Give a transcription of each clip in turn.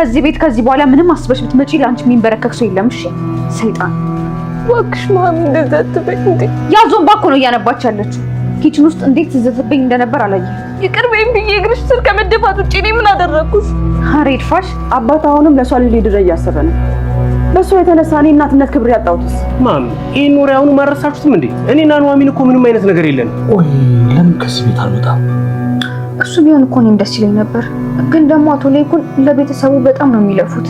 ከዚህ ቤት ከዚህ በኋላ ምንም አስበሽ ብትመጪ ለአንቺ የሚንበረከክ ሰው የለም። እሺ ሰይጣን እባክሽ ማሚ እንደዛ አትበይ እንዴ! ያ ዞምባ ነው እያነባች ያለችው። ኪችን ውስጥ እንዴት ትዘትብኝ እንደነበር አላየ። ይቅር ብዬ እግርሽ ስር ከመደፋት ውጭ እኔ ምን አደረግኩት? ኧረ ይድፋሽ። አባት አሁንም ለእሷ ልድረ እያሰበ ነው። በእሷ የተነሳ እኔ እናትነት ክብር ያጣሁትስ። ማሚ ይህን ወሬ አሁኑ ማረሳችሁትም እንዴ? እኔና ኑሐሚን እኮ ምንም አይነት ነገር የለን። ቆይ ለምን ከዚህ ቤት አልወጣም? እሱ ቢሆን እኮ እኔም ደስ ይለኝ ነበር። ግን ደግሞ አቶ ሌኩን ለቤተሰቡ በጣም ነው የሚለፉት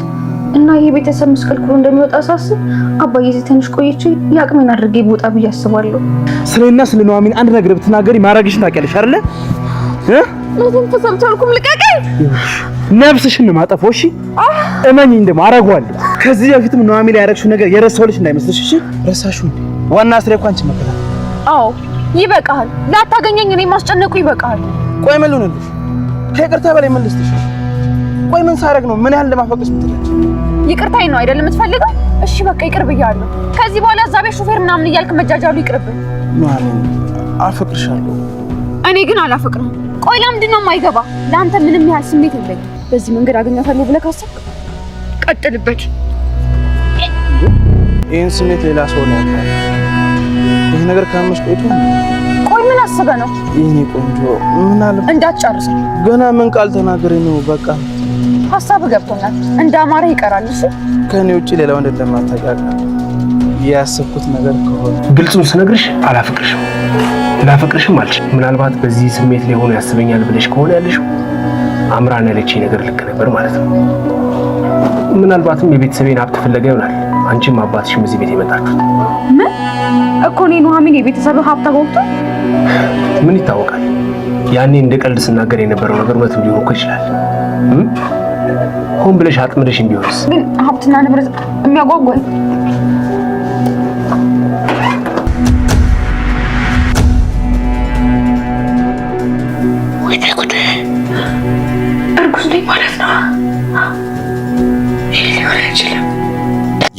እና ይሄ ቤተሰብ ምስቅልቅሉ እንደሚወጣ ሳስብ አባዬ እዚህ ትንሽ ቆይቼ የአቅሜን አድርጌ ብወጣ ብዬ አስባለሁ። ስለና ስለ ኑሐሚን አንድ ነገር ብትናገሪ ማድረግሽን ታውቂያለሽ አይደለ? ምንም ተሰምቻልኩም። ልቀቀኝ። ነፍስሽን ነው የማጠፋው። እሺ እመኝኝ፣ ደግሞ አደርገዋለሁ። ከዚህ በፊትም ኑሐሚን ላይ ያደረግሽው ነገር የረሳሁልሽ እንዳይመስልሽ። እሺ ረሳሽው? ዋና ስራ እኮ አንቺ መከታተል። አዎ ይበቃል። ላታገኘኝ እኔ ማስጨነቁ ይበቃል። ቆይ ምን ልሁንልሽ? ከይቅርታ በላይ ምን ልስጥሽ? ቆይ ምን ሳደርግ ነው? ምን ያህል ለማፈቅሽ ምትለች? ይቅርታዬ ነው አይደለም የምትፈልገው? እሺ በቃ ይቅር ብያለሁ። ከዚህ በኋላ እዛ ቤት ሹፌር ምናምን እያልክ መጃጃሉ ይቅርብን። ማርያም አፈቅርሻለሁ። እኔ ግን አላፈቅርም። ቆይ ለምንድን ነው የማይገባ? ለአንተ ምንም ያህል ስሜት የለኝ። በዚህ መንገድ አገኛታለሁ ብለህ ካሰብክ ቀጥልበት። ይህን ስሜት ሌላ ሰው ነው ነገር ካመሽ ቆይቶ ቆይ ምን አስበህ ነው? የእኔ ቆንጆ ምን አለ እንዳትጨርስ ገና ምን ቃል ተናገሬ ነው። በቃ ሀሳብ ገብቶኛል። እንደ አማረ ይቀራል። እሺ ከኔ ውጪ ሌላ ወንድ እንደማታውቂ ያሰብኩት ነገር ከሆነ ግልጹን ስነግርሽ አላፈቅርሽም ላፈቅርሽም አልሽ። ምናልባት በዚህ ስሜት ላይ ሆኖ ያስበኛል ብለሽ ከሆነ ያለሽው አምራን ያለችኝ ነገር ልክ ነበር ማለት ነው። ምናልባትም የቤተሰቤን ሀብት ፍለጋ ይሆናል አንቺም አባትሽም እዚህ ቤት የመጣችሁት። ምን እኮ እኔ ኑሐሚን የቤተሰብ ሀብት አጎብቶ ምን ይታወቃል? ያኔ እንደ ቀልድ ስናገር የነበረው ነገር እውነትም ሊሆን እኮ ይችላል። ሆን ብለሽ አጥምደሽ ቢሆንስ? ግን ሀብትና ንብረት የሚያጓጓል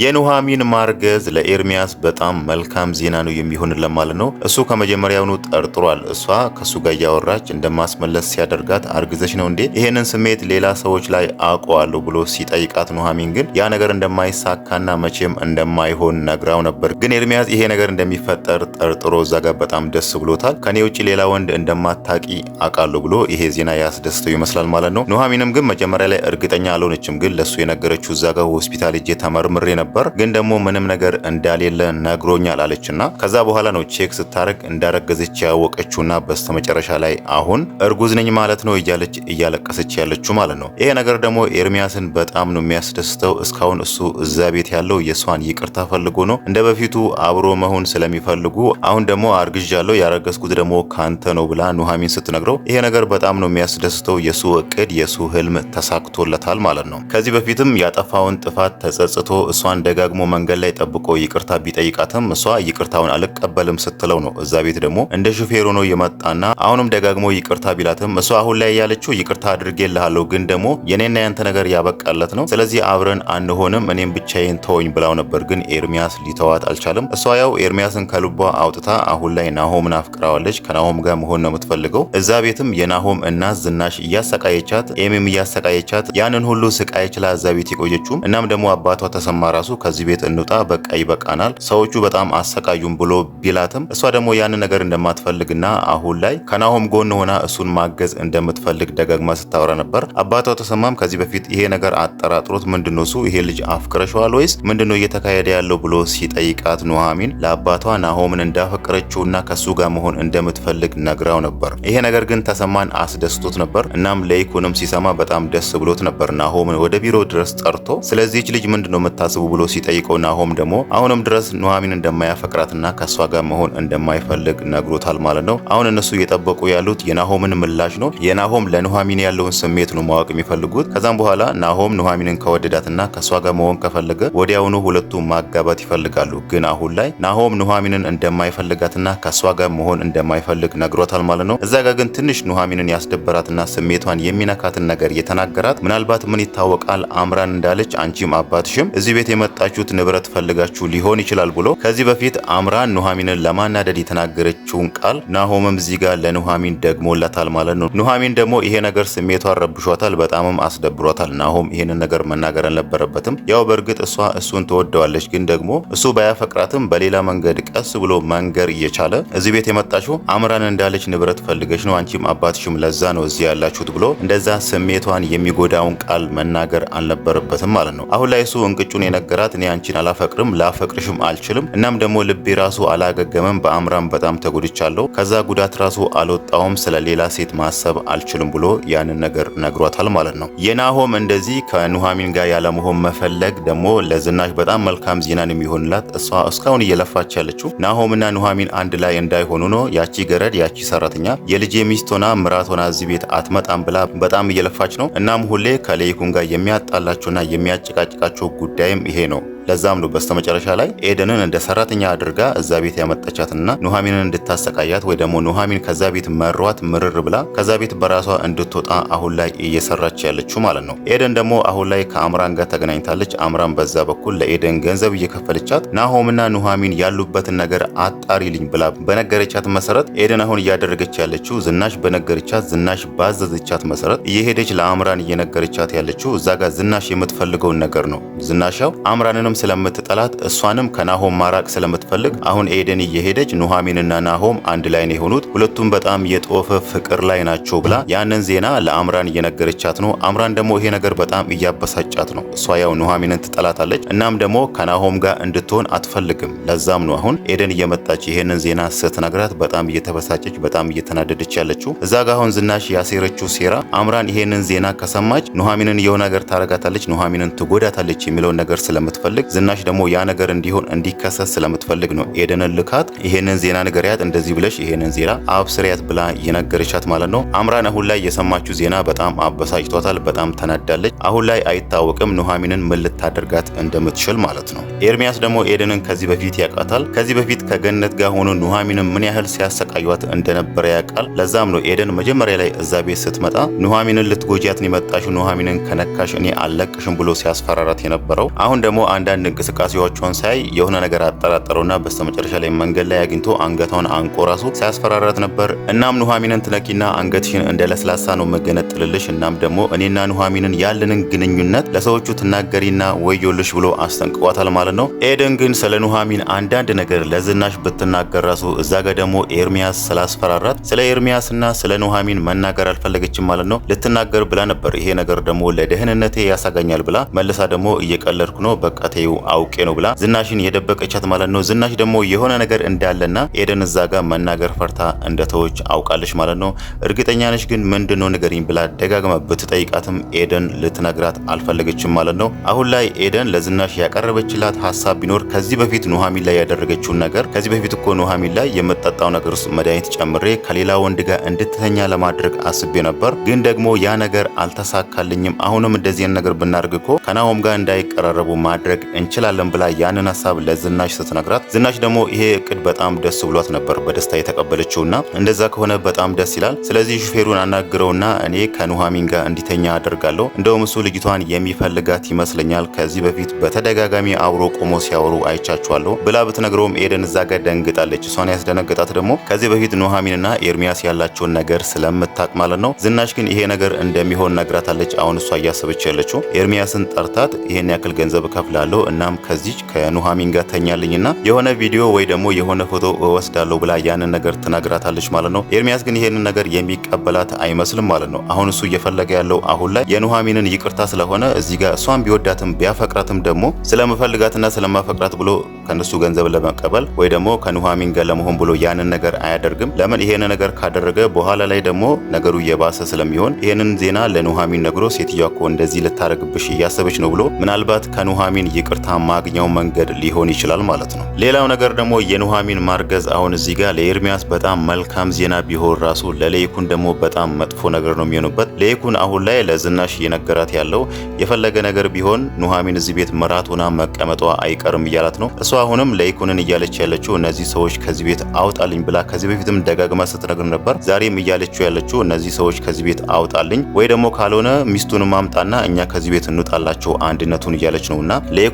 የኑሐሚን ማርገዝ ለኤርሚያስ በጣም መልካም ዜና ነው የሚሆንለት ማለት ነው። እሱ ከመጀመሪያውኑ ጠርጥሯል። እሷ ከሱ ጋር እያወራች እንደማስመለስ ሲያደርጋት አርግዘች ነው እንዴ ይሄንን ስሜት ሌላ ሰዎች ላይ አውቀዋለሁ ብሎ ሲጠይቃት፣ ኑሐሚን ግን ያ ነገር እንደማይሳካና መቼም እንደማይሆን ነግራው ነበር። ግን ኤርሚያስ ይሄ ነገር እንደሚፈጠር ጠርጥሮ እዛ ጋር በጣም ደስ ብሎታል። ከኔ ውጭ ሌላ ወንድ እንደማታቂ አውቃለሁ ብሎ ይሄ ዜና ያስደስተው ይመስላል ማለት ነው። ኑሐሚንም ግን መጀመሪያ ላይ እርግጠኛ አልሆነችም። ግን ለእሱ የነገረችው እዛ ጋር ሆስፒታል እጄ ተመርምሬ ነበር ነበር፣ ግን ደግሞ ምንም ነገር እንዳሌለ ነግሮኛል አለችና ከዛ በኋላ ነው ቼክ ስታረግ እንዳረገዘች ያወቀችውና በስተመጨረሻ ላይ አሁን እርጉዝ ነኝ ማለት ነው እያለች እያለቀሰች ያለችው ማለት ነው። ይሄ ነገር ደግሞ ኤርሚያስን በጣም ነው የሚያስደስተው። እስካሁን እሱ እዛ ቤት ያለው የእሷን ይቅርታ ፈልጎ ነው እንደ በፊቱ አብሮ መሆን ስለሚፈልጉ አሁን ደግሞ አርግዣለሁ ያረገዝኩት ደግሞ ካንተ ነው ብላ ኑሐሚን ስትነግረው ይሄ ነገር በጣም ነው የሚያስደስተው። የሱ እቅድ የሱ ህልም ተሳክቶለታል ማለት ነው። ከዚህ በፊትም ያጠፋውን ጥፋት ተጸጽቶ እሷን ደጋግሞ መንገድ ላይ ጠብቆ ይቅርታ ቢጠይቃትም እሷ ይቅርታውን አልቀበልም ስትለው ነው። እዛ ቤት ደግሞ እንደ ሹፌሩ ሆኖ የመጣና አሁንም ደጋግሞ ይቅርታ ቢላትም እሷ አሁን ላይ ያለችው ይቅርታ አድርጌልሃለሁ፣ ግን ደግሞ የኔና ያንተ ነገር ያበቃለት ነው፣ ስለዚህ አብረን አንሆንም፣ እኔም ብቻዬን ተወኝ ብላው ነበር። ግን ኤርሚያስ ሊተዋት አልቻለም። እሷ ያው ኤርሚያስን ከልቧ አውጥታ አሁን ላይ ናሆምን አፍቅራዋለች። ከናሆም ጋር መሆን ነው የምትፈልገው። እዛ ቤትም የናሆም እናት ዝናሽ እያሰቃየቻት፣ ኤሚም እያሰቃየቻት ያንን ሁሉ ስቃይ ችላ እዛ ቤት የቆየችውም እናም ደግሞ አባቷ ተሰማ ራሱ ከዚህ ቤት እንውጣ፣ በቃ ይበቃናል፣ ሰዎቹ በጣም አሰቃዩም ብሎ ቢላትም እሷ ደግሞ ያንን ነገር እንደማትፈልግና አሁን ላይ ከናሆም ጎን ሆና እሱን ማገዝ እንደምትፈልግ ደጋግማ ስታወራ ነበር። አባቷ ተሰማም ከዚህ በፊት ይሄ ነገር አጠራጥሮት ምንድነው እሱ ይሄ ልጅ አፍቅረሸዋል ወይስ ምንድነው እየተካሄደ ያለው ብሎ ሲጠይቃት ኑሐሚን ለአባቷ ናሆምን እንዳፈቀረችውና ከሱ ጋር መሆን እንደምትፈልግ ነግራው ነበር። ይሄ ነገር ግን ተሰማን አስደስቶት ነበር። እናም ለይኩንም ሲሰማ በጣም ደስ ብሎት ነበር። ናሆምን ወደ ቢሮ ድረስ ጠርቶ ስለዚህች ልጅ ምንድነው የምታስቡ ብሎ ሲጠይቀው ናሆም ደግሞ አሁንም ድረስ ኑሐሚን እንደማያፈቅራትና ከእሷ ጋር መሆን እንደማይፈልግ ነግሮታል ማለት ነው። አሁን እነሱ እየጠበቁ ያሉት የናሆምን ምላሽ ነው። የናሆም ለኑሐሚን ያለውን ስሜት ነው ማወቅ የሚፈልጉት። ከዛም በኋላ ናሆም ኑሐሚንን ከወደዳትና ከእሷ ጋር መሆን ከፈለገ ወዲያውኑ ሁለቱ ማጋባት ይፈልጋሉ። ግን አሁን ላይ ናሆም ኑሐሚንን እንደማይፈልጋትና ከእሷ ጋር መሆን እንደማይፈልግ ነግሮታል ማለት ነው። እዛ ጋር ግን ትንሽ ኑሐሚንን ያስደበራትና ስሜቷን የሚነካትን ነገር የተናገራት ምናልባት ምን ይታወቃል አምራን እንዳለች አንቺም አባትሽም እዚህ ቤት የመጣችሁት ንብረት ፈልጋችሁ ሊሆን ይችላል ብሎ ከዚህ በፊት አምራን ኑሐሚንን ለማናደድ የተናገረችውን ቃል ናሆምም እዚህ ጋር ለኑሐሚን ደግሞላታል ማለት ነው። ኑሐሚን ደግሞ ይሄ ነገር ስሜቷን ረብሿታል፣ በጣምም አስደብሯታል። ናሆም ይህንን ነገር መናገር አልነበረበትም። ያው በእርግጥ እሷ እሱን ተወደዋለች፣ ግን ደግሞ እሱ ባያፈቅራትም በሌላ መንገድ ቀስ ብሎ መንገር እየቻለ እዚህ ቤት የመጣችው አምራን እንዳለች ንብረት ፈልገች ነው፣ አንቺም አባትሽም ለዛ ነው እዚህ ያላችሁት ብሎ እንደዛ ስሜቷን የሚጎዳውን ቃል መናገር አልነበረበትም ማለት ነው። አሁን ላይ እሱ እንቅጩን የነገረ ነገራት። እኔ አንቺን አላፈቅርም ላፈቅርሽም አልችልም። እናም ደግሞ ልቤ ራሱ አላገገመም፣ በአምራም በጣም ተጎድቻለሁ። ከዛ ጉዳት ራሱ አልወጣውም፣ ስለ ሌላ ሴት ማሰብ አልችልም ብሎ ያንን ነገር ነግሯታል ማለት ነው። የናሆም እንደዚህ ከኑሐሚን ጋር ያለመሆን መፈለግ ደግሞ ለዝናሽ በጣም መልካም ዜናን የሚሆንላት እሷ እስካሁን እየለፋች ያለችው ናሆምና ኑሐሚን አንድ ላይ እንዳይሆኑ ነው። ያቺ ገረድ ያቺ ሰራተኛ የልጄ ሚስት ሆና ምራት ሆና እዚህ ቤት አትመጣም ብላ በጣም እየለፋች ነው። እናም ሁሌ ከሌይኩን ጋር የሚያጣላቸውና የሚያጨቃጭቃቸው ጉዳይም ይሄ no. ለዛም ነው በስተመጨረሻ ላይ ኤደንን እንደ ሰራተኛ አድርጋ እዛ ቤት ያመጣቻትና ኑሐሚንን እንድታሰቃያት ወይ ደግሞ ኑሐሚን ከዛ ቤት መሯት ምርር ብላ ከዛ ቤት በራሷ እንድትወጣ አሁን ላይ እየሰራች ያለችው ማለት ነው። ኤደን ደግሞ አሁን ላይ ከአምራን ጋር ተገናኝታለች። አምራን በዛ በኩል ለኤደን ገንዘብ እየከፈለቻት ናሆምና ኑሐሚን ያሉበትን ነገር አጣሪልኝ ብላ በነገረቻት መሰረት ኤደን አሁን እያደረገች ያለችው ዝናሽ በነገረቻት ዝናሽ ባዘዘቻት መሰረት እየሄደች ለአምራን እየነገረቻት ያለችው እዛ ጋር ዝናሽ የምትፈልገውን ነገር ነው። ዝናሽ አምራንንም ስለምትጠላት እሷንም ከናሆም ማራቅ ስለምትፈልግ አሁን ኤደን እየሄደች ኑሐሚንና ናሆም አንድ ላይ ነው የሆኑት፣ ሁለቱም በጣም የጦፈ ፍቅር ላይ ናቸው ብላ ያንን ዜና ለአምራን እየነገረቻት ነው። አምራን ደግሞ ይሄ ነገር በጣም እያበሳጫት ነው። እሷ ያው ኑሐሚንን ትጠላታለች፣ እናም ደግሞ ከናሆም ጋር እንድትሆን አትፈልግም። ለዛም ነው አሁን ኤደን እየመጣች ይሄንን ዜና ስትነግራት በጣም እየተበሳጨች፣ በጣም እየተናደደች ያለችው። እዛ ጋ አሁን ዝናሽ ያሴረችው ሴራ አምራን ይሄንን ዜና ከሰማች ኑሐሚንን የሆነ ነገር ታረጋታለች፣ ኑሐሚንን ትጎዳታለች የሚለውን ነገር ስለምትፈልግ ስለምትፈልግ ዝናሽ ደግሞ ያ ነገር እንዲሆን እንዲከሰት ስለምትፈልግ ነው ኤደንን ልካት ይሄንን ዜና ንገሪያት፣ እንደዚህ ብለሽ ይሄንን ዜና አብስሪያት ብላ የነገረቻት ማለት ነው። አምራን አሁን ላይ የሰማችው ዜና በጣም አበሳጭቷታል። በጣም ተናዳለች። አሁን ላይ አይታወቅም ኑሐሚንን ምን ልታደርጋት እንደምትችል ማለት ነው። ኤርሚያስ ደግሞ ኤደንን ከዚህ በፊት ያውቃታል። ከዚህ በፊት ከገነት ጋር ሆኖ ኑሐሚንን ምን ያህል ሲያሰቃዩት እንደነበረ ያውቃል። ለዛም ነው ኤደን መጀመሪያ ላይ እዛ ቤት ስትመጣ ኑሐሚንን ልትጎጂያት የመጣሽ ኑሐሚንን ከነካሽ እኔ አለቅሽም ብሎ ሲያስፈራራት የነበረው። አሁን ደግሞ አንድ አንዳንድ እንቅስቃሴዎቿን ሳይ የሆነ ነገር አጠራጠረውና በስተመጨረሻ ላይ መንገድ ላይ አግኝቶ አንገቷን አንቆ ራሱ ሲያስፈራራት ነበር። እናም ኑሐሚንን ትነኪና አንገትሽን እንደ ለስላሳ ነው መገነጥልልሽ። እናም ደግሞ እኔና ኑሐሚንን ያለንን ግንኙነት ለሰዎቹ ትናገሪና ወዮልሽ ብሎ አስጠንቅቋታል ማለት ነው። ኤደን ግን ስለ ኑሐሚን አንዳንድ ነገር ለዝናሽ ብትናገር ራሱ እዛ ጋ ደግሞ ኤርሚያስ ስላስፈራራት ስለ ኤርሚያስና ስለ ኑሐሚን መናገር አልፈለገችም ማለት ነው። ልትናገር ብላ ነበር። ይሄ ነገር ደግሞ ለደህንነቴ ያሳጋኛል ብላ መልሳ ደግሞ እየቀለድኩ ነው በቃ ተይው አውቄ ነው ብላ ዝናሽን የደበቀቻት ማለት ነው። ዝናሽ ደግሞ የሆነ ነገር እንዳለና ኤደን እዛ ጋር መናገር ፈርታ እንደተወች አውቃለች ማለት ነው። እርግጠኛ ነች ግን ምንድን ነው ንገሪኝ ብላ ደጋግማ ብትጠይቃትም ኤደን ልትነግራት አልፈለገችም ማለት ነው። አሁን ላይ ኤደን ለዝናሽ ያቀረበችላት ሀሳብ ቢኖር ከዚህ በፊት ኑሐሚን ላይ ያደረገችውን ነገር ከዚህ በፊት እኮ ኑሐሚን ላይ የምጠጣው ነገር ውስጥ መድኃኒት ጨምሬ ከሌላ ወንድ ጋር እንድትተኛ ለማድረግ አስቤ ነበር፣ ግን ደግሞ ያ ነገር አልተሳካልኝም። አሁንም እንደዚህን ነገር ብናደርግ እኮ ከናሆም ጋር እንዳይቀራረቡ ማድረግ እንችላለን ብላ ያንን ሀሳብ ለዝናሽ ስትነግራት ዝናሽ ደግሞ ይሄ እቅድ በጣም ደስ ብሏት ነበር በደስታ የተቀበለችውና እንደዛ ከሆነ በጣም ደስ ይላል። ስለዚህ ሹፌሩን አናግረውና እኔ ከኑሐሚን ጋር እንዲተኛ አደርጋለሁ። እንደውም እሱ ልጅቷን የሚፈልጋት ይመስለኛል። ከዚህ በፊት በተደጋጋሚ አብሮ ቆሞ ሲያወሩ አይቻችኋለሁ ብላ ብትነግረውም ኤደን እዛ ጋር ደንግጣለች። እሷን ያስደነግጣት ደግሞ ከዚህ በፊት ኑሐሚንና ኤርሚያስ ያላቸውን ነገር ስለምታቅ ማለት ነው። ዝናሽ ግን ይሄ ነገር እንደሚሆን ነግራታለች። አሁን እሷ እያሰበች ያለችው ኤርሚያስን ጠርታት ይሄን ያክል ገንዘብ እከፍላለሁ እናም ከዚች ከኑሃሚን ጋር ተኛልኝና የሆነ ቪዲዮ ወይ ደግሞ የሆነ ፎቶ እወስዳለሁ ብላ ያንን ነገር ትነግራታለች ማለት ነው። ኤርሚያስ ግን ይሄንን ነገር የሚቀበላት አይመስልም ማለት ነው። አሁን እሱ እየፈለገ ያለው አሁን ላይ የኑሃሚንን ይቅርታ ስለሆነ እዚህ ጋር እሷን ቢወዳትም ቢያፈቅራትም ደግሞ ስለመፈልጋትና ስለማፈቅራት ብሎ ከነሱ ገንዘብ ለመቀበል ወይ ደግሞ ከኑሃሚን ጋር ለመሆን ብሎ ያንን ነገር አያደርግም። ለምን ይሄን ነገር ካደረገ በኋላ ላይ ደግሞ ነገሩ የባሰ ስለሚሆን ይሄንን ዜና ለኑሃሚን ነግሮ ሴትዮዋ እኮ እንደዚህ ልታረግብሽ እያሰበች ነው ብሎ ምናልባት ከኑሃሚን ይቅርታ ማግኘው መንገድ ሊሆን ይችላል ማለት ነው። ሌላው ነገር ደግሞ የኑሐሚን ማርገዝ አሁን እዚህ ጋር ለኤርሚያስ በጣም መልካም ዜና ቢሆን ራሱ ለሌይኩን ደግሞ በጣም መጥፎ ነገር ነው የሚሆኑበት። ሌይኩን አሁን ላይ ለዝናሽ እየነገራት ያለው የፈለገ ነገር ቢሆን ኑሐሚን እዚህ ቤት መራቱና መቀመጧ አይቀርም እያላት ነው። እሷ አሁንም ለይኩንን እያለች ያለችው እነዚህ ሰዎች ከዚህ ቤት አውጣልኝ ብላ ከዚህ በፊትም ደጋግማ ስትነግር ነበር። ዛሬም እያለችው ያለችው እነዚህ ሰዎች ከዚህ ቤት አውጣልኝ ወይ ደግሞ ካልሆነ ሚስቱን ማምጣና እኛ ከዚህ ቤት እንውጣላቸው አንድነቱን እያለች ነውና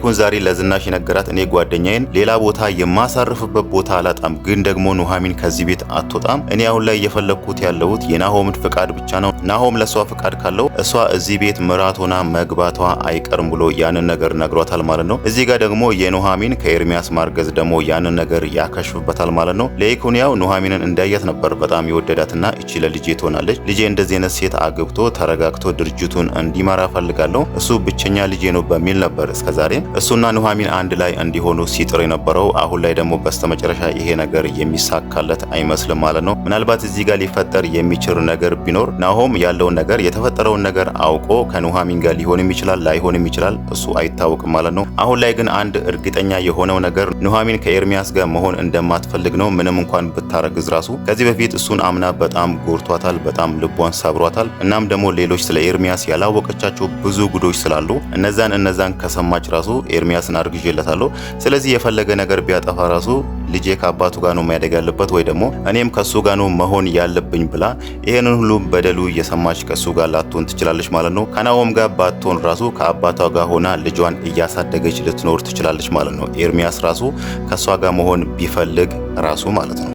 ታሪኩን ዛሬ ለዝናሽ የነገራት እኔ ጓደኛዬን ሌላ ቦታ የማሳርፍበት ቦታ አላጣም፣ ግን ደግሞ ኑሐሚን ከዚህ ቤት አትወጣም። እኔ አሁን ላይ እየፈለግኩት ያለሁት የናሆምን ፍቃድ ብቻ ነው። ናሆም ለእሷ ፍቃድ ካለው እሷ እዚህ ቤት ምራት ሆና መግባቷ አይቀርም ብሎ ያንን ነገር ነግሯታል ማለት ነው። እዚህ ጋር ደግሞ የኑሐሚን ከኤርሚያስ ማርገዝ ደግሞ ያንን ነገር ያከሽፍበታል ማለት ነው። ለኢኮንያው ኑሐሚንን እንዳያት ነበር በጣም የወደዳትና እቺ ለልጄ ትሆናለች፣ ልጄ እንደዚህ አይነት ሴት አግብቶ ተረጋግቶ ድርጅቱን እንዲመራ ፈልጋለሁ፣ እሱ ብቸኛ ልጄ ነው በሚል ነበር እስከዛሬ እሱና ኑሐሚን አንድ ላይ እንዲሆኑ ሲጥር የነበረው አሁን ላይ ደግሞ በስተመጨረሻ ይሄ ነገር የሚሳካለት አይመስልም ማለት ነው። ምናልባት እዚህ ጋር ሊፈጠር የሚችል ነገር ቢኖር ናሆም ያለውን ነገር የተፈጠረውን ነገር አውቆ ከኑሐሚን ጋር ሊሆንም ይችላል ላይሆንም ይችላል፣ እሱ አይታወቅም ማለት ነው። አሁን ላይ ግን አንድ እርግጠኛ የሆነው ነገር ኑሐሚን ከኤርሚያስ ጋር መሆን እንደማትፈልግ ነው። ምንም እንኳን ብታረግዝ ራሱ ከዚህ በፊት እሱን አምና በጣም ጎርቷታል፣ በጣም ልቧን ሰብሯታል። እናም ደግሞ ሌሎች ስለ ኤርሚያስ ያላወቀቻቸው ብዙ ጉዶች ስላሉ እነዛን እነዛን ከሰማች ራሱ ኤርሚያስን አርግዤለታለሁ። ስለዚህ የፈለገ ነገር ቢያጠፋ ራሱ ልጄ ከአባቱ ጋር ነው ማደግ ያለበት ወይ ደግሞ እኔም ከሱ ጋር ነው መሆን ያለብኝ ብላ ይህንን ሁሉ በደሉ እየሰማች ከሱ ጋር ላትሆን ትችላለች ማለት ነው። ከናሆም ጋር ባትሆን ራሱ ከአባቷ ጋር ሆና ልጇን እያሳደገች ልትኖር ትችላለች ማለት ነው። ኤርሚያስ ራሱ ከእሷ ጋር መሆን ቢፈልግ ራሱ ማለት ነው።